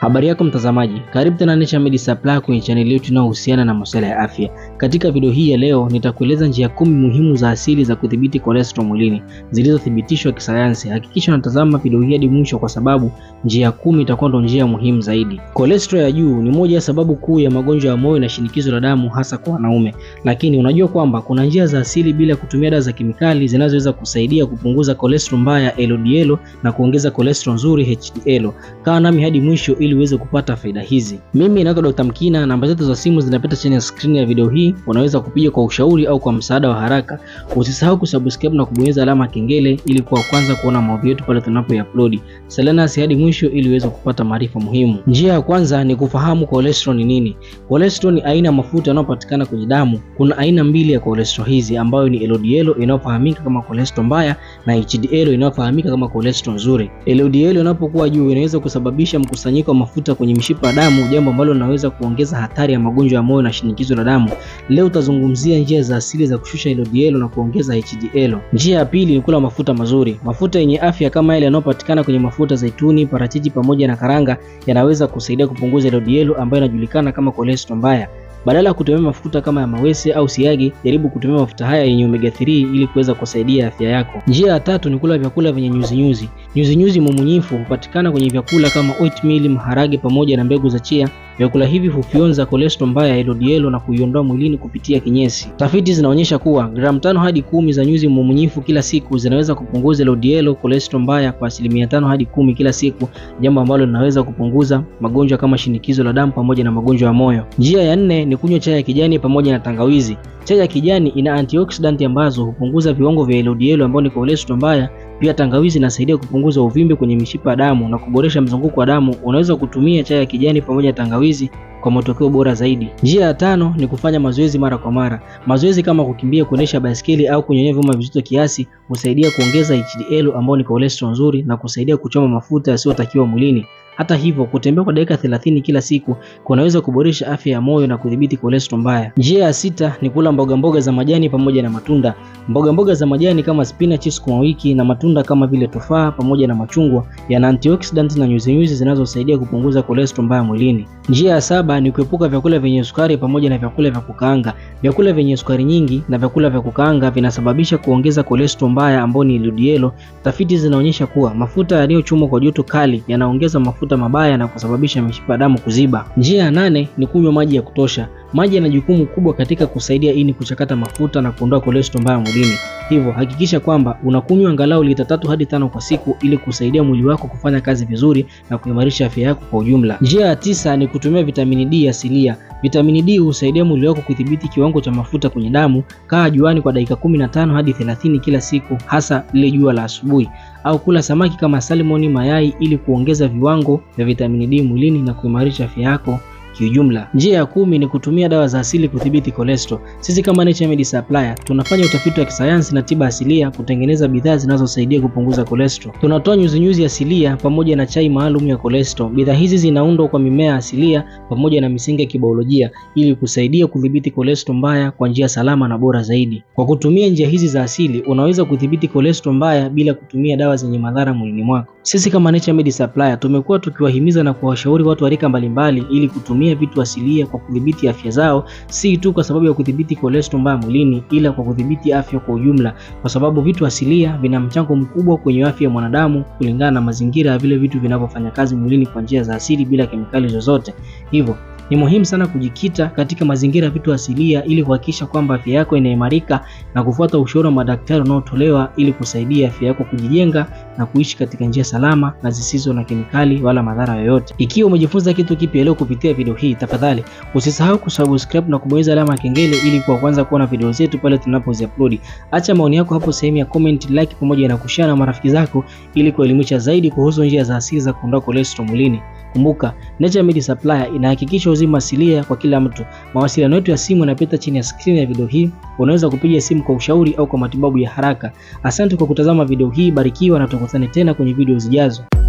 Habari yako mtazamaji, karibu tena Naturemed Med Supply kwenye chaneli yetu inayohusiana na masuala ya afya. Katika video hii ya leo, nitakueleza njia kumi muhimu za asili za kudhibiti cholesterol mwilini zilizothibitishwa kisayansi. Hakikisha unatazama video hii hadi mwisho, kwa sababu njia kumi itakuwa ndo njia muhimu zaidi. Cholesterol ya juu ni moja ya sababu kuu ya magonjwa ya moyo na shinikizo la damu, hasa kwa wanaume. Lakini unajua kwamba kuna njia za asili bila kutumia dawa za kemikali zinazoweza kusaidia kupunguza cholesterol mbaya LDL na kuongeza cholesterol nzuri HDL. Kaa nami hadi mwisho ili uweze kupata faida hizi. Mimi naitwa Dr. Mkina, namba zetu za simu zinapita chini ya screen ya video hii, unaweza kupiga kwa ushauri au kwa msaada wa haraka. Usisahau kusubscribe na kubonyeza alama ya kengele ili kuwa kwanza kuona maudhui yetu pale tunapoyapload. Salia nasi hadi mwisho ili uweze kupata maarifa muhimu. Njia ya kwanza ni kufahamu cholesterol ni nini. Cholesterol ni aina ya mafuta yanayopatikana kwenye damu. Kuna aina mbili ya cholesterol hizi ambayo ni LDL inayofahamika kama cholesterol mbaya na HDL inayofahamika kama cholesterol nzuri. LDL inapokuwa juu inaweza kusababisha mkusanyiko mafuta kwenye mishipa ya damu, jambo ambalo linaweza kuongeza hatari ya magonjwa ya moyo na shinikizo la damu. Leo utazungumzia njia za asili za kushusha LDL na kuongeza HDL. Njia ya pili ni kula mafuta mazuri. Mafuta yenye afya kama yale yanayopatikana kwenye mafuta zaituni, parachichi pamoja na karanga yanaweza kusaidia kupunguza LDL ambayo inajulikana kama kolesterol mbaya. Badala ya kutumia mafuta kama ya mawese au siagi, jaribu kutumia mafuta haya yenye omega 3 ili kuweza kusaidia afya yako. Njia ya tatu ni kula vyakula vyenye nyuzinyuzi. Nyuzinyuzi mumunyifu hupatikana kwenye vyakula kama oatmeal, maharage pamoja na mbegu za chia Vyakula hivi hufyonza kolesto mbaya ya LDL na kuiondoa mwilini kupitia kinyesi. Tafiti zinaonyesha kuwa gramu tano hadi kumi za nyuzi mumunyifu kila siku zinaweza kupunguza LDL kolesto mbaya kwa asilimia tano hadi kumi kila siku, jambo ambalo linaweza kupunguza magonjwa kama shinikizo la damu pamoja na magonjwa ya moyo. Njia ya nne ni kunywa chai ya kijani pamoja na tangawizi. Chai ya kijani ina antioxidant ambazo hupunguza viwango vya LDL ambao ni kolesto mbaya pia tangawizi inasaidia kupunguza uvimbe kwenye mishipa ya damu na kuboresha mzunguko wa damu. Unaweza kutumia chai ya kijani pamoja na tangawizi kwa matokeo bora zaidi. Njia ya tano ni kufanya mazoezi mara kwa mara. Mazoezi kama kukimbia, kuendesha baiskeli au kunyonya vyuma vizito kiasi husaidia kuongeza HDL ambao ni cholesterol nzuri na kusaidia kuchoma mafuta yasiyotakiwa mwilini. Hata hivyo, kutembea kwa dakika 30 kila siku kunaweza kuboresha afya ya moyo na kudhibiti kolesterol mbaya. Njia ya sita ni kula mboga mboga za majani pamoja na matunda. Mboga mboga za majani kama spinach, sukuma wiki na matunda kama vile tofaa pamoja na machungwa yana antioxidants na nyuzi nyuzi zinazosaidia kupunguza kolesterol mbaya mwilini. Njia ya saba ni kuepuka vyakula vyenye sukari pamoja na vyakula vya kukaanga. Vyakula vyenye sukari nyingi na vyakula vya kukaanga vinasababisha kuongeza kolesterol mbaya ambayo ni LDL. Tafiti zinaonyesha kuwa mafuta yaliyochomwa kwa joto kali yanaongeza mafuta mafuta mabaya na kusababisha mishipa ya damu kuziba. Njia ya nane ni kunywa maji ya kutosha. Maji yana jukumu kubwa katika kusaidia ini kuchakata mafuta na kuondoa kolesterol mbaya mwilini. Hivyo hakikisha kwamba unakunywa angalau lita tatu hadi tano kwa siku ili kusaidia mwili wako kufanya kazi vizuri na kuimarisha afya yako kwa ujumla. Njia ya tisa ni kutumia vitamini D asilia. Vitamini D husaidia mwili wako kudhibiti kiwango cha mafuta kwenye damu. Kaa juani kwa dakika 15 hadi 30 kila siku, hasa lile jua la asubuhi au kula samaki kama salmoni, mayai ili kuongeza viwango vya vitamini D mwilini na kuimarisha afya yako kiujumla. Njia ya kumi ni kutumia dawa za asili kudhibiti kolesto. Sisi kama NHMD Supplier tunafanya utafiti wa kisayansi na tiba asilia kutengeneza bidhaa zinazosaidia kupunguza kolesto. Tunatoa nyuzinyuzi asilia pamoja na chai maalum ya kolesto. Bidhaa hizi zinaundwa kwa mimea asilia pamoja na misingi ya kibiolojia ili kusaidia kudhibiti kolesto mbaya kwa njia salama na bora zaidi. Kwa kutumia njia hizi za asili, unaweza kudhibiti kolesto mbaya bila kutumia dawa zenye madhara mwilini mwako. Sisi kama NHMD Supplier tumekuwa tukiwahimiza na kuwashauri watu wa rika mbalimbali ili kutumia kutumia vitu asilia kwa kudhibiti afya zao, si tu kwa sababu ya kudhibiti kolesterol mbaya mwilini, ila kwa kudhibiti afya kwa ujumla, kwa sababu vitu asilia vina mchango mkubwa kwenye afya ya mwanadamu kulingana na mazingira ya vile vitu vinavyofanya kazi mwilini kwa njia za asili bila kemikali zozote. Hivyo ni muhimu sana kujikita katika mazingira ya vitu asilia ili kuhakikisha kwamba afya yako inaimarika na kufuata ushauri wa madaktari unaotolewa ili kusaidia afya yako kujijenga na kuishi katika njia salama na zisizo na kemikali wala madhara yoyote. Ikiwa umejifunza kitu kipya leo kupitia video hii, tafadhali usisahau kusubscribe na kubonyeza alama ya kengele ili kwa kwanza kuona video zetu pale tunapoziupload. Acha maoni yako hapo sehemu ya comment, like pamoja na kushare na marafiki zako ili kuelimisha zaidi kuhusu njia za asili za kuondoa kolesterol mwilini. Kumbuka, Naturemed Supplier inahakikisha uzima asilia kwa kila mtu. Mawasiliano yetu ya simu yanapita chini ya skrini ya video hii. Unaweza kupiga simu kwa ushauri au kwa matibabu ya haraka. Asante kwa kutazama video hii, barikiwa na tukutane tena kwenye video zijazo.